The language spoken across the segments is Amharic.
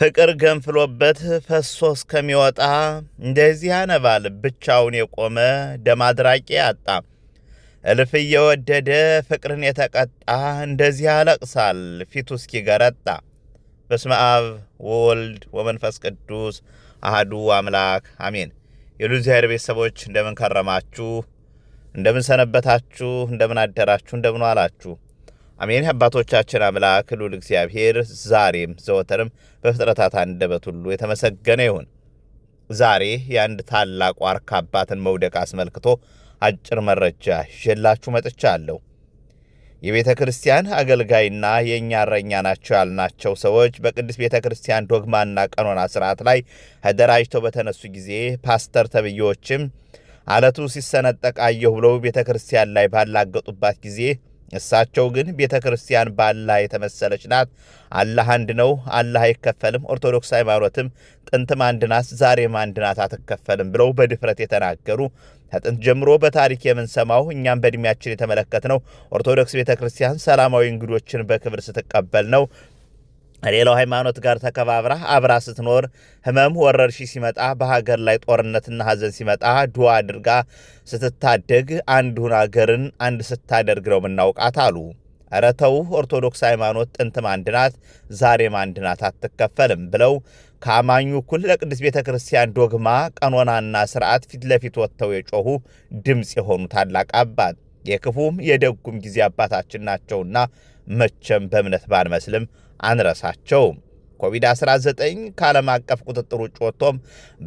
ፍቅር ገንፍሎበት ፈሶ እስከሚወጣ እንደዚህ ያነባል ብቻውን የቆመ ደም አድራቂ አጣ። እልፍ እየወደደ ፍቅርን የተቀጣ እንደዚህ ያለቅሳል ፊቱ እስኪገረጣ። በስመ አብ ወወልድ ወመንፈስ ቅዱስ አህዱ አምላክ አሜን። የሉዚያር ቤተሰቦች እንደምን ከረማችሁ? እንደምን ሰነበታችሁ? እንደምን አደራችሁ? እንደምን ዋላችሁ? አሜን። አባቶቻችን አምላክ ልዑል እግዚአብሔር ዛሬም ዘወትርም በፍጥረታት አንደበት ሁሉ የተመሰገነ ይሁን። ዛሬ የአንድ ታላቅ ዋርካ አባትን መውደቅ አስመልክቶ አጭር መረጃ ይዤላችሁ መጥቻለሁ። የቤተ ክርስቲያን አገልጋይና የእኛ እረኛ ናቸው ያልናቸው ሰዎች በቅዱስ ቤተ ክርስቲያን ዶግማና ቀኖና ስርዓት ላይ ተደራጅተው በተነሱ ጊዜ ፓስተር ተብዬዎችም አለቱ ሲሰነጠቅ አየሁ ብለው ቤተ ክርስቲያን ላይ ባላገጡባት ጊዜ እሳቸው ግን ቤተ ክርስቲያን በአላህ የተመሰለች ናት። አላህ አንድ ነው፣ አላህ አይከፈልም፣ ኦርቶዶክስ ሃይማኖትም ጥንትም አንድ ናት፣ ዛሬም አንድ ናት፣ አትከፈልም ብለው በድፍረት የተናገሩ ከጥንት ጀምሮ በታሪክ የምንሰማው እኛም በእድሜያችን የተመለከትነው ኦርቶዶክስ ቤተ ክርስቲያን ሰላማዊ እንግዶችን በክብር ስትቀበል ነው። ከሌላው ሃይማኖት ጋር ተከባብራ አብራ ስትኖር ህመም ወረርሺ ሲመጣ በሀገር ላይ ጦርነትና ሀዘን ሲመጣ ድዋ አድርጋ ስትታደግ አንዱን አገርን አንድ ስታደርግ ነው ምናውቃት አሉ። ረተው ኦርቶዶክስ ሃይማኖት ጥንትም አንድ ናት፣ ዛሬም አንድ ናት፣ አትከፈልም ብለው ከአማኙ እኩል ለቅድስት ቤተ ክርስቲያን ዶግማ ቀኖናና ስርዓት ፊት ለፊት ወጥተው የጮኹ ድምፅ የሆኑ ታላቅ አባት የክፉም የደጉም ጊዜ አባታችን ናቸውና መቼም በእምነት ባንመስልም አንረሳቸውም። ኮቪድ-19 ከዓለም አቀፍ ቁጥጥር ውጭ ወጥቶም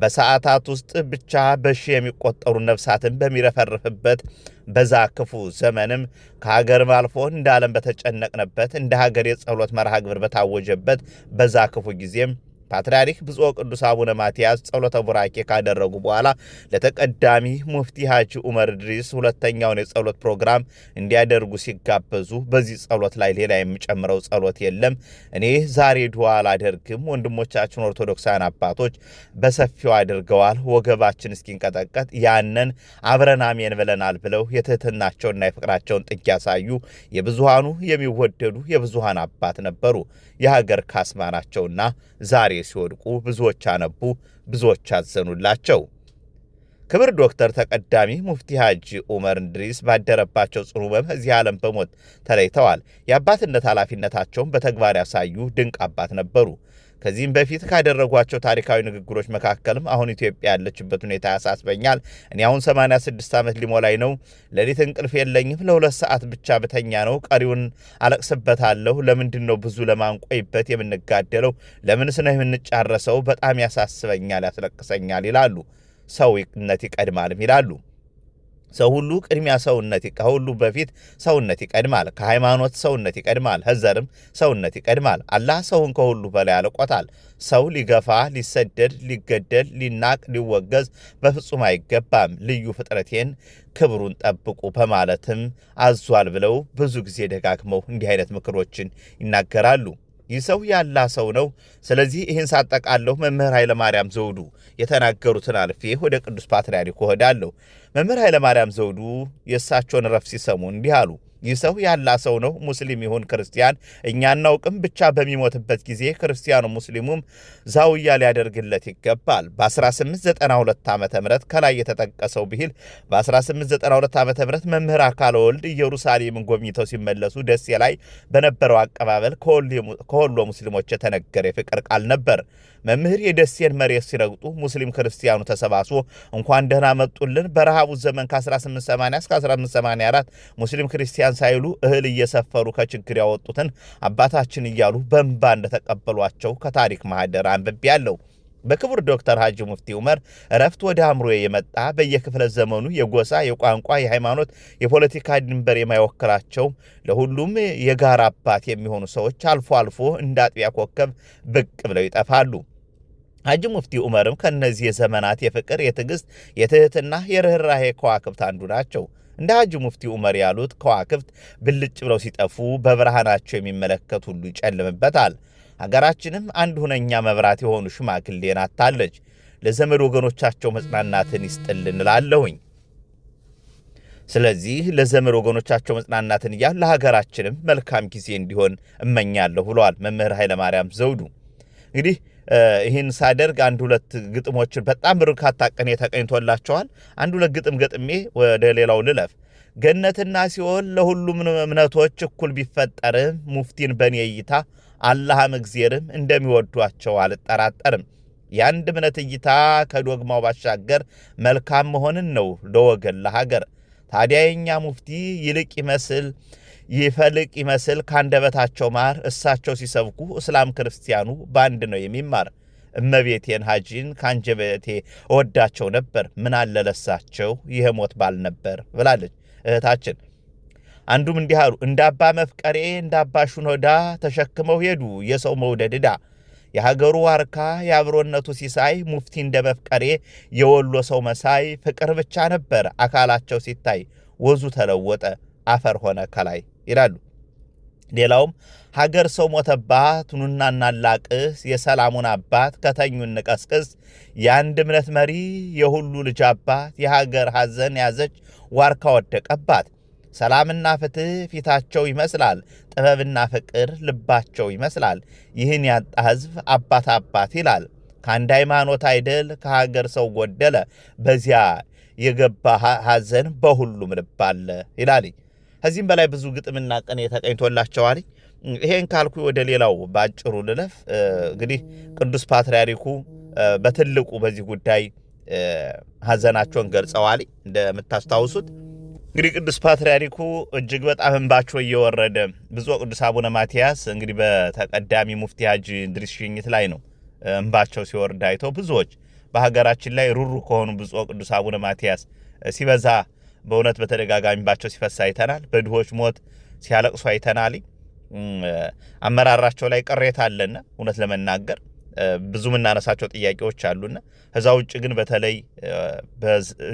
በሰዓታት ውስጥ ብቻ በሺ የሚቆጠሩ ነፍሳትን በሚረፈርፍበት በዛ ክፉ ዘመንም ከሀገርም አልፎ እንደ ዓለም በተጨነቅንበት እንደ ሀገር የጸሎት መርሃ ግብር በታወጀበት በዛ ክፉ ጊዜም ፓትርያርክ ብፁዕ ቅዱስ አቡነ ማትያስ ጸሎተ ቡራኬ ካደረጉ በኋላ ለተቀዳሚ ሙፍቲ ሀጂ ዑመር ድሪስ ሁለተኛውን የጸሎት ፕሮግራም እንዲያደርጉ ሲጋበዙ በዚህ ጸሎት ላይ ሌላ የሚጨምረው ጸሎት የለም። እኔ ዛሬ ድዋ አላደርግም። ወንድሞቻችን ኦርቶዶክሳን አባቶች በሰፊው አድርገዋል። ወገባችን እስኪንቀጠቀጥ ያንን አብረን አሜን ብለናል ብለው የትህትናቸውና የፍቅራቸውን ጥግ ያሳዩ የብዙሃኑ የሚወደዱ የብዙሃን አባት ነበሩ። የሀገር ካስማ ናቸውና ዛሬ ሲወድቁ ብዙዎች አነቡ፣ ብዙዎች አዘኑላቸው። ክብር ዶክተር ተቀዳሚ ሙፍቲ ሐጂ ኡመር እንድሪስ ባደረባቸው ጽኑ ሕመም እዚህ ዓለም በሞት ተለይተዋል። የአባትነት ኃላፊነታቸውን በተግባር ያሳዩ ድንቅ አባት ነበሩ። ከዚህም በፊት ካደረጓቸው ታሪካዊ ንግግሮች መካከልም አሁን ኢትዮጵያ ያለችበት ሁኔታ ያሳስበኛል። እኔ አሁን 86 ዓመት ሊሞላኝ ነው። ሌሊት እንቅልፍ የለኝም። ለሁለት ሰዓት ብቻ ብተኛ ነው፣ ቀሪውን አለቅስበታለሁ። ለምንድን ነው ብዙ ለማንቆይበት የምንጋደለው? ለምንስ ስነ የምንጫረሰው? በጣም ያሳስበኛል፣ ያስለቅሰኛል ይላሉ። ሰውነት ይቀድማልም ይላሉ። ሰው ሁሉ ቅድሚያ ሰውነት ከሁሉ በፊት ሰውነት ይቀድማል። ከሃይማኖት ሰውነት ይቀድማል። ህዘርም ሰውነት ይቀድማል። አላህ ሰውን ከሁሉ በላይ አልቆታል። ሰው ሊገፋ፣ ሊሰደድ፣ ሊገደል፣ ሊናቅ፣ ሊወገዝ በፍጹም አይገባም። ልዩ ፍጥረቴን ክብሩን ጠብቁ በማለትም አዟል ብለው ብዙ ጊዜ ደጋግመው እንዲህ አይነት ምክሮችን ይናገራሉ። ይህ ሰው ያላ ሰው ነው። ስለዚህ ይህን ሳጠቃለሁ መምህር ኃይለማርያም ዘውዱ የተናገሩትን አልፌ ወደ ቅዱስ ፓትርያርኩ እሄዳለሁ። መምህር ኃይለማርያም ዘውዱ የእሳቸውን ረፍ ሲሰሙ እንዲህ አሉ። ይህ ሰው ያላ ሰው ነው፣ ሙስሊም ይሁን ክርስቲያን እኛ እናውቅም። ብቻ በሚሞትበት ጊዜ ክርስቲያኑ ሙስሊሙም ዛውያ ሊያደርግለት ይገባል። በ1892 ዓ ም ከላይ የተጠቀሰው ብሂል በ1892 ዓ ም መምህር አካለ ወልድ ኢየሩሳሌምን ጎብኝተው ሲመለሱ ደሴ ላይ በነበረው አቀባበል ከወሎ ሙስሊሞች የተነገረ የፍቅር ቃል ነበር። መምህር የደሴን መሬት ሲረግጡ ሙስሊም ክርስቲያኑ ተሰባስቦ እንኳን ደህና መጡልን በረሃቡ ዘመን ከ1880 እስከ 1884 ሙስሊም ክርስቲያን ሳይሉ እህል እየሰፈሩ ከችግር ያወጡትን አባታችን እያሉ በእንባ እንደተቀበሏቸው ከታሪክ ማህደር አንብቤ ያለው በክቡር ዶክተር ሀጂ ሙፍቲ ዑመር እረፍት ወደ አእምሮ የመጣ በየክፍለ ዘመኑ የጎሳ፣ የቋንቋ፣ የሃይማኖት፣ የፖለቲካ ድንበር የማይወክላቸው ለሁሉም የጋራ አባት የሚሆኑ ሰዎች አልፎ አልፎ እንደ አጥቢያ ኮከብ ብቅ ብለው ይጠፋሉ። ሐጂ ሙፍቲ ዑመርም ከእነዚህ የዘመናት የፍቅር፣ የትዕግሥት፣ የትህትና፣ የርኅራሄ ከዋክብት አንዱ ናቸው። እንደ ሐጂ ሙፍቲ ዑመር ያሉት ከዋክብት ብልጭ ብለው ሲጠፉ በብርሃናቸው የሚመለከት ሁሉ ይጨልምበታል። አገራችንም አንድ ሁነኛ መብራት የሆኑ ሽማግሌን አታለች። ለዘመድ ወገኖቻቸው መጽናናትን ይስጥል እንላለሁኝ። ስለዚህ ለዘመድ ወገኖቻቸው መጽናናትን እያሉ ለሀገራችንም መልካም ጊዜ እንዲሆን እመኛለሁ ብለዋል መምህር ኃይለማርያም ዘውዱ እንግዲህ ይህን ሳደርግ አንድ ሁለት ግጥሞችን በጣም በርካታ ቀን ተቀኝቶላቸዋል። አንድ ሁለት ግጥም ገጥሜ ወደ ሌላው ልለፍ። ገነትና ሲኦል ለሁሉም እምነቶች እኩል ቢፈጠርም ሙፍቲን በእኔ እይታ አላህም እግዜርም እንደሚወዷቸው አልጠራጠርም። የአንድ እምነት እይታ ከዶግማው ባሻገር መልካም መሆንን ነው ለወገን ለሀገር። ታዲያ የኛ ሙፍቲ ይልቅ ይመስል ይፈልቅ ይመስል ካንደበታቸው ማር እሳቸው ሲሰብኩ እስላም ክርስቲያኑ በአንድ ነው የሚማር። እመቤቴን ሀጂን ከአንጀበቴ እወዳቸው ነበር፣ ምን አለለሳቸው ይህ ሞት ባል ነበር ብላለች እህታችን። አንዱም እንዲህ አሉ። እንደ አባ መፍቀሬ እንደ አባ ሹኖዳ ተሸክመው ሄዱ የሰው መውደድ ዕዳ የሀገሩ ዋርካ የአብሮነቱ ሲሳይ ሙፍቲ እንደ መፍቀሬ የወሎ ሰው መሳይ ፍቅር ብቻ ነበር አካላቸው ሲታይ ወዙ ተለወጠ አፈር ሆነ ከላይ ይላሉ። ሌላውም ሀገር ሰው ሞተባት ኑና እናላቅስ፣ የሰላሙን አባት ከተኙ እንቀስቅስ፣ የአንድ እምነት መሪ የሁሉ ልጅ አባት፣ የሀገር ሐዘን ያዘች ዋርካ ወደቀባት። ሰላምና ፍትህ ፊታቸው ይመስላል፣ ጥበብና ፍቅር ልባቸው ይመስላል። ይህን ያጣ ህዝብ አባት አባት ይላል። ከአንድ ሃይማኖት አይደል ከሀገር ሰው ጎደለ፣ በዚያ የገባ ሐዘን በሁሉም ልብ አለ ይላል። ከዚህም በላይ ብዙ ግጥምና ቅኔ ተቀኝቶላቸዋል። ይሄን ካልኩ ወደ ሌላው በአጭሩ ልለፍ። እንግዲህ ቅዱስ ፓትርያርኩ በትልቁ በዚህ ጉዳይ ሀዘናቸውን ገልጸዋል። እንደምታስታውሱት እንግዲህ ቅዱስ ፓትርያርኩ እጅግ በጣም እንባቸው እየወረደ ብዙ ቅዱስ አቡነ ማትያስ እንግዲህ በተቀዳሚ ሙፍቲ ሀጂ እንድሪስ ሽኝት ላይ ነው እንባቸው ሲወርድ አይተው ብዙዎች በሀገራችን ላይ ሩሩ ከሆኑ ብፁዕ ቅዱስ አቡነ ማትያስ ሲበዛ በእውነት በተደጋጋሚባቸው ሲፈሳ አይተናል። በድሆች ሞት ሲያለቅሱ አይተናል። አመራራቸው ላይ ቅሬታ አለና እውነት ለመናገር ብዙ የምናነሳቸው ጥያቄዎች አሉና ከዛ ውጭ ግን በተለይ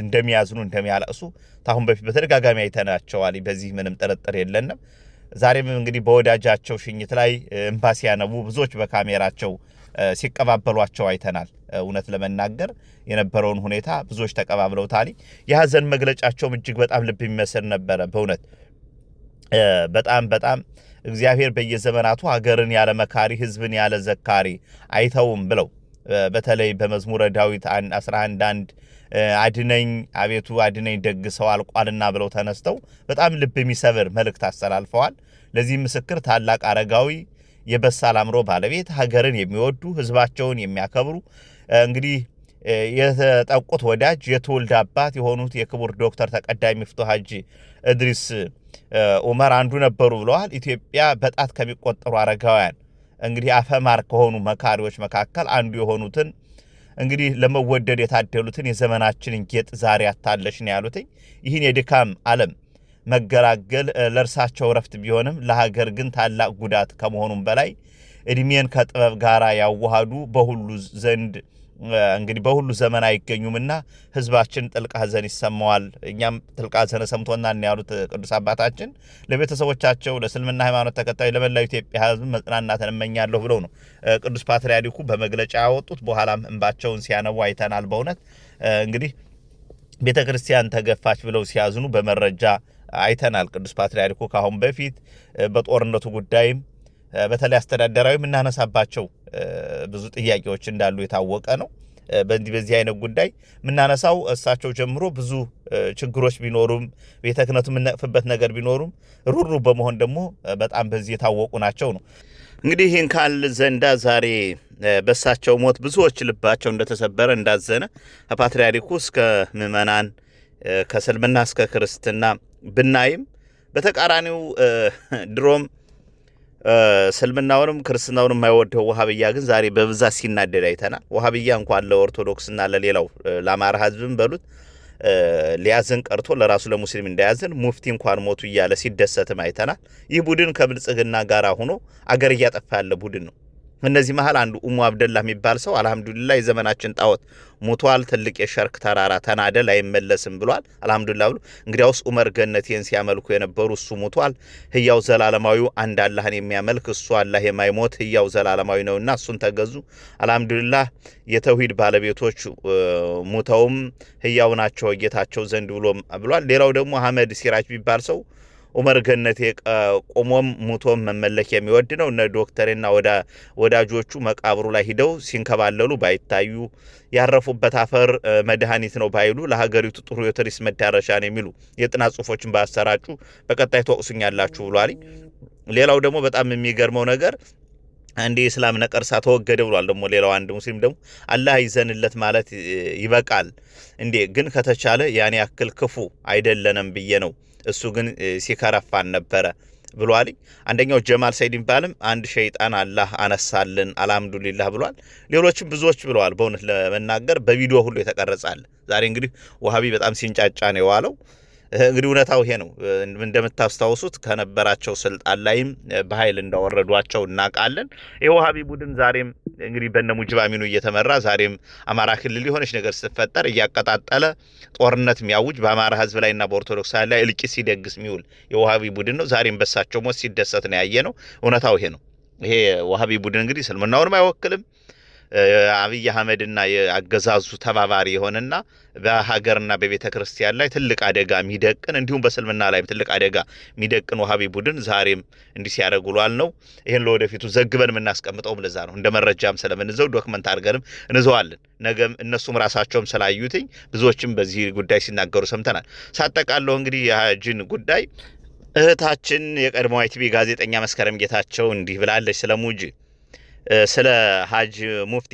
እንደሚያዝኑ እንደሚያለቅሱ ታሁን በፊት በተደጋጋሚ አይተናቸዋል። በዚህ ምንም ጥርጥር የለንም። ዛሬም እንግዲህ በወዳጃቸው ሽኝት ላይ እምባ ሲያነቡ ብዙዎች በካሜራቸው ሲቀባበሏቸው አይተናል። እውነት ለመናገር የነበረውን ሁኔታ ብዙዎች ተቀባብለውታል። የሀዘን መግለጫቸውም እጅግ በጣም ልብ የሚመስል ነበረ። በእውነት በጣም በጣም እግዚአብሔር በየዘመናቱ ሀገርን ያለ መካሪ ህዝብን ያለ ዘካሪ አይተውም ብለው በተለይ በመዝሙረ ዳዊት 11 አንድ አድነኝ አቤቱ አድነኝ ደግ ሰው አልቋልና ብለው ተነስተው በጣም ልብ የሚሰብር መልእክት አስተላልፈዋል። ለዚህ ምስክር ታላቅ አረጋዊ የበሳል አእምሮ ባለቤት ሀገርን የሚወዱ ህዝባቸውን የሚያከብሩ እንግዲህ የተጠቁት ወዳጅ የትውልድ አባት የሆኑት የክቡር ዶክተር ተቀዳሚ ፍቶ ሀጂ እድሪስ ኡመር አንዱ ነበሩ ብለዋል። ኢትዮጵያ በጣት ከሚቆጠሩ አረጋውያን እንግዲህ አፈማር ከሆኑ መካሪዎች መካከል አንዱ የሆኑትን እንግዲህ ለመወደድ የታደሉትን የዘመናችንን ጌጥ ዛሬ አታለሽ ነው ያሉትኝ። ይህን የድካም ዓለም መገላገል ለእርሳቸው ረፍት ቢሆንም ለሀገር ግን ታላቅ ጉዳት ከመሆኑም በላይ እድሜን ከጥበብ ጋር ያዋሃዱ በሁሉ ዘንድ እንግዲህ በሁሉ ዘመን አይገኙምና ህዝባችን ጥልቅ ሐዘን ይሰማዋል። እኛም ጥልቅ ሐዘን ሰምቶና ያሉት ቅዱስ አባታችን ለቤተሰቦቻቸው፣ ለእስልምና ሃይማኖት ተከታዩ፣ ለመላው ኢትዮጵያ ህዝብ መጽናናትን እመኛለሁ ብለው ነው ቅዱስ ፓትርያርኩ በመግለጫ ያወጡት። በኋላም እንባቸውን ሲያነቡ አይተናል። በእውነት እንግዲህ ቤተ ክርስቲያን ተገፋች ብለው ሲያዝኑ በመረጃ አይተናል። ቅዱስ ፓትርያርኩ ከአሁን በፊት በጦርነቱ ጉዳይም በተለይ አስተዳደራዊ የምናነሳባቸው ብዙ ጥያቄዎች እንዳሉ የታወቀ ነው። በዚህ በዚህ አይነት ጉዳይ የምናነሳው እሳቸው ጀምሮ ብዙ ችግሮች ቢኖሩም ቤተ ክህነቱ ነገር ቢኖሩም ሩሩ በመሆን ደግሞ በጣም በዚህ የታወቁ ናቸው ነው። እንግዲህ ይህን ካል ዘንዳ ዛሬ በእሳቸው ሞት ብዙዎች ልባቸው እንደተሰበረ እንዳዘነ ከፓትርያርኩ እስከ ምእመናን ከእስልምና እስከ ክርስትና ብናይም በተቃራኒው ድሮም እስልምናውንም ክርስትናውንም የማይወደው ውሃብያ ግን ዛሬ በብዛት ሲናደድ አይተናል። ውሃብያ እንኳን ለኦርቶዶክስና ለሌላው ለአማራ ሕዝብም በሉት ሊያዝን ቀርቶ ለራሱ ለሙስሊም እንዳያዝን ሙፍቲ እንኳን ሞቱ እያለ ሲደሰትም አይተናል። ይህ ቡድን ከብልጽግና ጋር ሆኖ አገር እያጠፋ ያለ ቡድን ነው። እነዚህ መሀል አንዱ ኡሙ አብደላ የሚባል ሰው አልሐምዱሊላ የዘመናችን ጣዖት ሙቷል፣ ትልቅ የሸርክ ተራራ ተናደል አይመለስም ብሏል። አልሐምዱሊላ ብሎ እንግዲያውስ ኡመር ገነቴን ሲያመልኩ የነበሩ እሱ ሙቷል፣ ህያው ዘላለማዊ አንድ አላህን የሚያመልክ እሱ አላህ የማይሞት ህያው ዘላለማዊ ነውና እሱን ተገዙ። አልሐምዱሊላ የተውሂድ ባለቤቶች ሙተውም ህያው ናቸው ጌታቸው ዘንድ ብሎ ብሏል። ሌላው ደግሞ አህመድ ሲራጅ የሚባል ሰው ኡመር ገነቴ ቆሞም ሙቶም መመለክ የሚወድ ነው። እነ ዶክተሬና ወዳጆቹ መቃብሩ ላይ ሂደው ሲንከባለሉ ባይታዩ ያረፉበት አፈር መድኃኒት ነው ባይሉ ለሀገሪቱ ጥሩ የቱሪስት መዳረሻ ነው የሚሉ የጥናት ጽሁፎችን ባሰራጩ በቀጣይ ተወቅሱኛላችሁ ብሏል። ሌላው ደግሞ በጣም የሚገርመው ነገር አንድ የእስላም ነቀርሳ ተወገደ ብሏል። ደግሞ ሌላው አንድ ሙስሊም ደግሞ አላህ ይዘንለት ማለት ይበቃል እንዴ? ግን ከተቻለ ያን ያክል ክፉ አይደለንም ብዬ ነው። እሱ ግን ሲከረፋን ነበረ ብሏል። አንደኛው ጀማል ሰይድ ይባልም አንድ ሸይጣን አላህ አነሳልን አልሐምዱሊላህ ብሏል። ሌሎችም ብዙዎች ብለዋል። በእውነት ለመናገር በቪዲዮ ሁሉ የተቀረጻለ ዛሬ እንግዲህ ውሃቢ በጣም ሲንጫጫ ነው የዋለው። እንግዲህ እውነታው ይሄ ነው። እንደምታስታውሱት ከነበራቸው ስልጣን ላይም በኃይል እንዳወረዷቸው እናውቃለን። የውሃቢ ቡድን ዛሬም እንግዲህ በነ ሙጅብ አሚኑ እየተመራ ዛሬም አማራ ክልል የሆነች ነገር ስትፈጠር እያቀጣጠለ ጦርነት የሚያውጅ በአማራ ሕዝብ ላይና በኦርቶዶክስ ላይ እልቂት ሲደግስ የሚውል የውሃቢ ቡድን ነው። ዛሬም በሳቸው ሞት ሲደሰት ነው ያየ ነው። እውነታው ይሄ ነው። ይሄ ውሃቢ ቡድን እንግዲህ ስልምናውንም አይወክልም አብይ አህመድና የአገዛዙ ተባባሪ የሆነና በሀገርና በቤተ ክርስቲያን ላይ ትልቅ አደጋ የሚደቅን እንዲሁም በእስልምና ላይም ትልቅ አደጋ የሚደቅን ውሃቢ ቡድን ዛሬም እንዲህ ሲያደርግ ውሏል ነው። ይህን ለወደፊቱ ዘግበን የምናስቀምጠውም ለዛ ነው። እንደ መረጃም ስለምንዘው ዶክመንት አድርገንም እንዘዋለን። ነገም እነሱም ራሳቸውም ስላዩትኝ ብዙዎችም በዚህ ጉዳይ ሲናገሩ ሰምተናል። ሳጠቃለሁ እንግዲህ የሀጅን ጉዳይ እህታችን የቀድሞ አይቲቪ ጋዜጠኛ መስከረም ጌታቸው እንዲህ ብላለች ስለ ስለ ሀጅ ሙፍቲ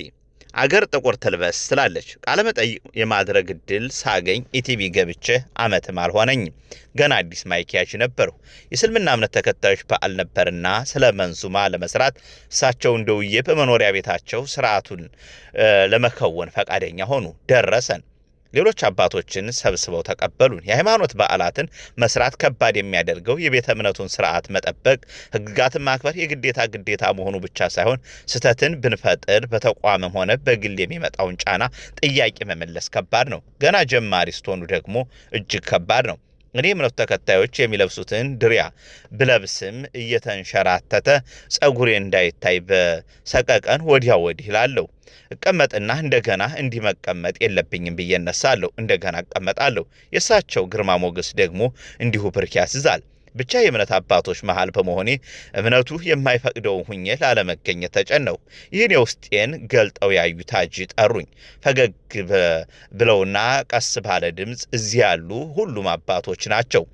አገር ጥቁር ትልበስ ስላለች ቃለመጠይቅ የማድረግ እድል ሳገኝ ኢቲቪ ገብቼ አመትም አልሆነኝም። ገና አዲስ ማይክ ያዥ የስልምና የእስልምና እምነት ተከታዮች በዓል ነበርና ስለ መንዙማ ለመስራት እሳቸው እንደውዬ በመኖሪያ ቤታቸው ስርዓቱን ለመከወን ፈቃደኛ ሆኑ። ደረሰን። ሌሎች አባቶችን ሰብስበው ተቀበሉን። የሃይማኖት በዓላትን መስራት ከባድ የሚያደርገው የቤተ እምነቱን ስርዓት መጠበቅ፣ ህግጋትን ማክበር የግዴታ ግዴታ መሆኑ ብቻ ሳይሆን ስህተትን ብንፈጥር በተቋምም ሆነ በግል የሚመጣውን ጫና ጥያቄ መመለስ ከባድ ነው። ገና ጀማሪ ስትሆኑ ደግሞ እጅግ ከባድ ነው። እኔ እምነቱ ተከታዮች የሚለብሱትን ድሪያ ብለብስም እየተንሸራተተ ጸጉሬ እንዳይታይ በሰቀቀን ወዲያ ወዲህ ላለሁ እቀመጥና እንደገና እንዲህ መቀመጥ የለብኝም ብዬ እነሳለሁ። እንደገና እቀመጣለሁ። የእሳቸው ግርማ ሞገስ ደግሞ እንዲሁ ብርክ ያስዛል። ብቻ የእምነት አባቶች መሃል በመሆኔ እምነቱ የማይፈቅደው ሁኜ ላለመገኘት ተጨነው። ይህን የውስጤን ገልጠው ያዩ ታጂ ጠሩኝ። ፈገግ ብለውና ቀስ ባለ ድምፅ እዚህ ያሉ ሁሉም አባቶች ናቸው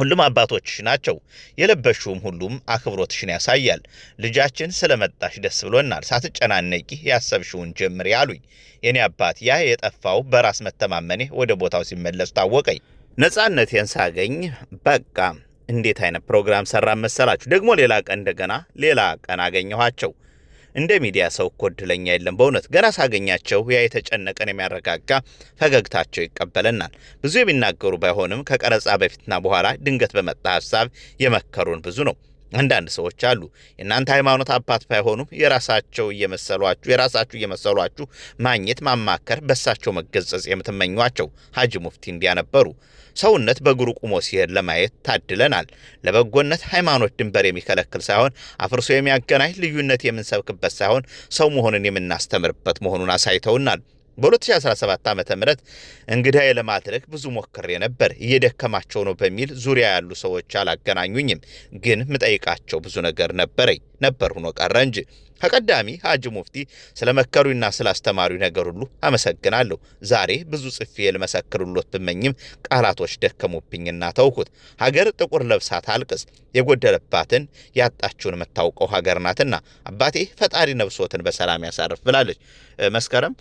ሁሉም አባቶችሽ ናቸው። የለበሽውም ሁሉም አክብሮትሽን ያሳያል። ልጃችን ስለመጣሽ ደስ ብሎናል። ሳትጨናነቂ ያሰብሽውን ጀምሪ አሉኝ። የኔ አባት ያ የጠፋው በራስ መተማመኔ ወደ ቦታው ሲመለሱ ታወቀኝ። ነጻነቴን ሳገኝ በቃም። እንዴት አይነት ፕሮግራም ሰራን መሰላችሁ? ደግሞ ሌላ ቀን እንደገና ሌላ ቀን አገኘኋቸው። እንደ ሚዲያ ሰው እኮ እድለኛ የለም በእውነት ገና ሳገኛቸው ያ የተጨነቀን የሚያረጋጋ ፈገግታቸው ይቀበለናል። ብዙ የሚናገሩ ባይሆንም ከቀረጻ በፊትና በኋላ ድንገት በመጣ ሀሳብ የመከሩን ብዙ ነው። አንዳንድ ሰዎች አሉ የእናንተ ሃይማኖት አባት ባይሆኑም የራሳቸው እየመሰሏችሁ የራሳችሁ እየመሰሏችሁ ማግኘት፣ ማማከር፣ በሳቸው መገጸጽ የምትመኟቸው ሀጂ ሙፍቲ እንዲያ ነበሩ። ሰውነት በእግሩ ቁሞ ሲሄድ ለማየት ታድለናል። ለበጎነት ሃይማኖት ድንበር የሚከለክል ሳይሆን አፍርሶ የሚያገናኝ ልዩነት የምንሰብክበት ሳይሆን ሰው መሆንን የምናስተምርበት መሆኑን አሳይተውናል። በ2017 ዓ ም እንግዳ ለማድረግ ብዙ ሞክሬ ነበር። እየደከማቸው ነው በሚል ዙሪያ ያሉ ሰዎች አላገናኙኝም። ግን ምጠይቃቸው ብዙ ነገር ነበረኝ ነበር ሆኖ ቀረ እንጂ ተቀዳሚ ሀጅ ሙፍቲ ስለ መከሩና ስለ አስተማሪ ነገር ሁሉ አመሰግናለሁ። ዛሬ ብዙ ጽፌ ልመሰክርሎት ብመኝም ቃላቶች ደከሙብኝና ተውኩት። ሀገር ጥቁር ለብሳት አልቅስ የጎደለባትን ያጣችውን የምታውቀው ሀገር ናትና አባቴ ፈጣሪ ነብሶትን በሰላም ያሳርፍ ብላለች መስከረም።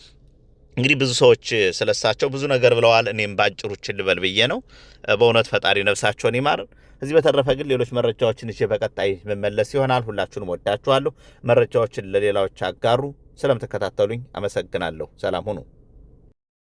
እንግዲህ ብዙ ሰዎች ስለሳቸው ብዙ ነገር ብለዋል። እኔም ባጭሩችን ችል ብዬ ነው። በእውነት ፈጣሪ ነብሳቸውን ይማር። ከዚህ በተረፈ ግን ሌሎች መረጃዎችን እ በቀጣይ መመለስ ይሆናል። ሁላችሁንም ወዳችኋለሁ። መረጃዎችን ለሌላዎች አጋሩ። ስለምትከታተሉኝ አመሰግናለሁ። ሰላም ሁኑ።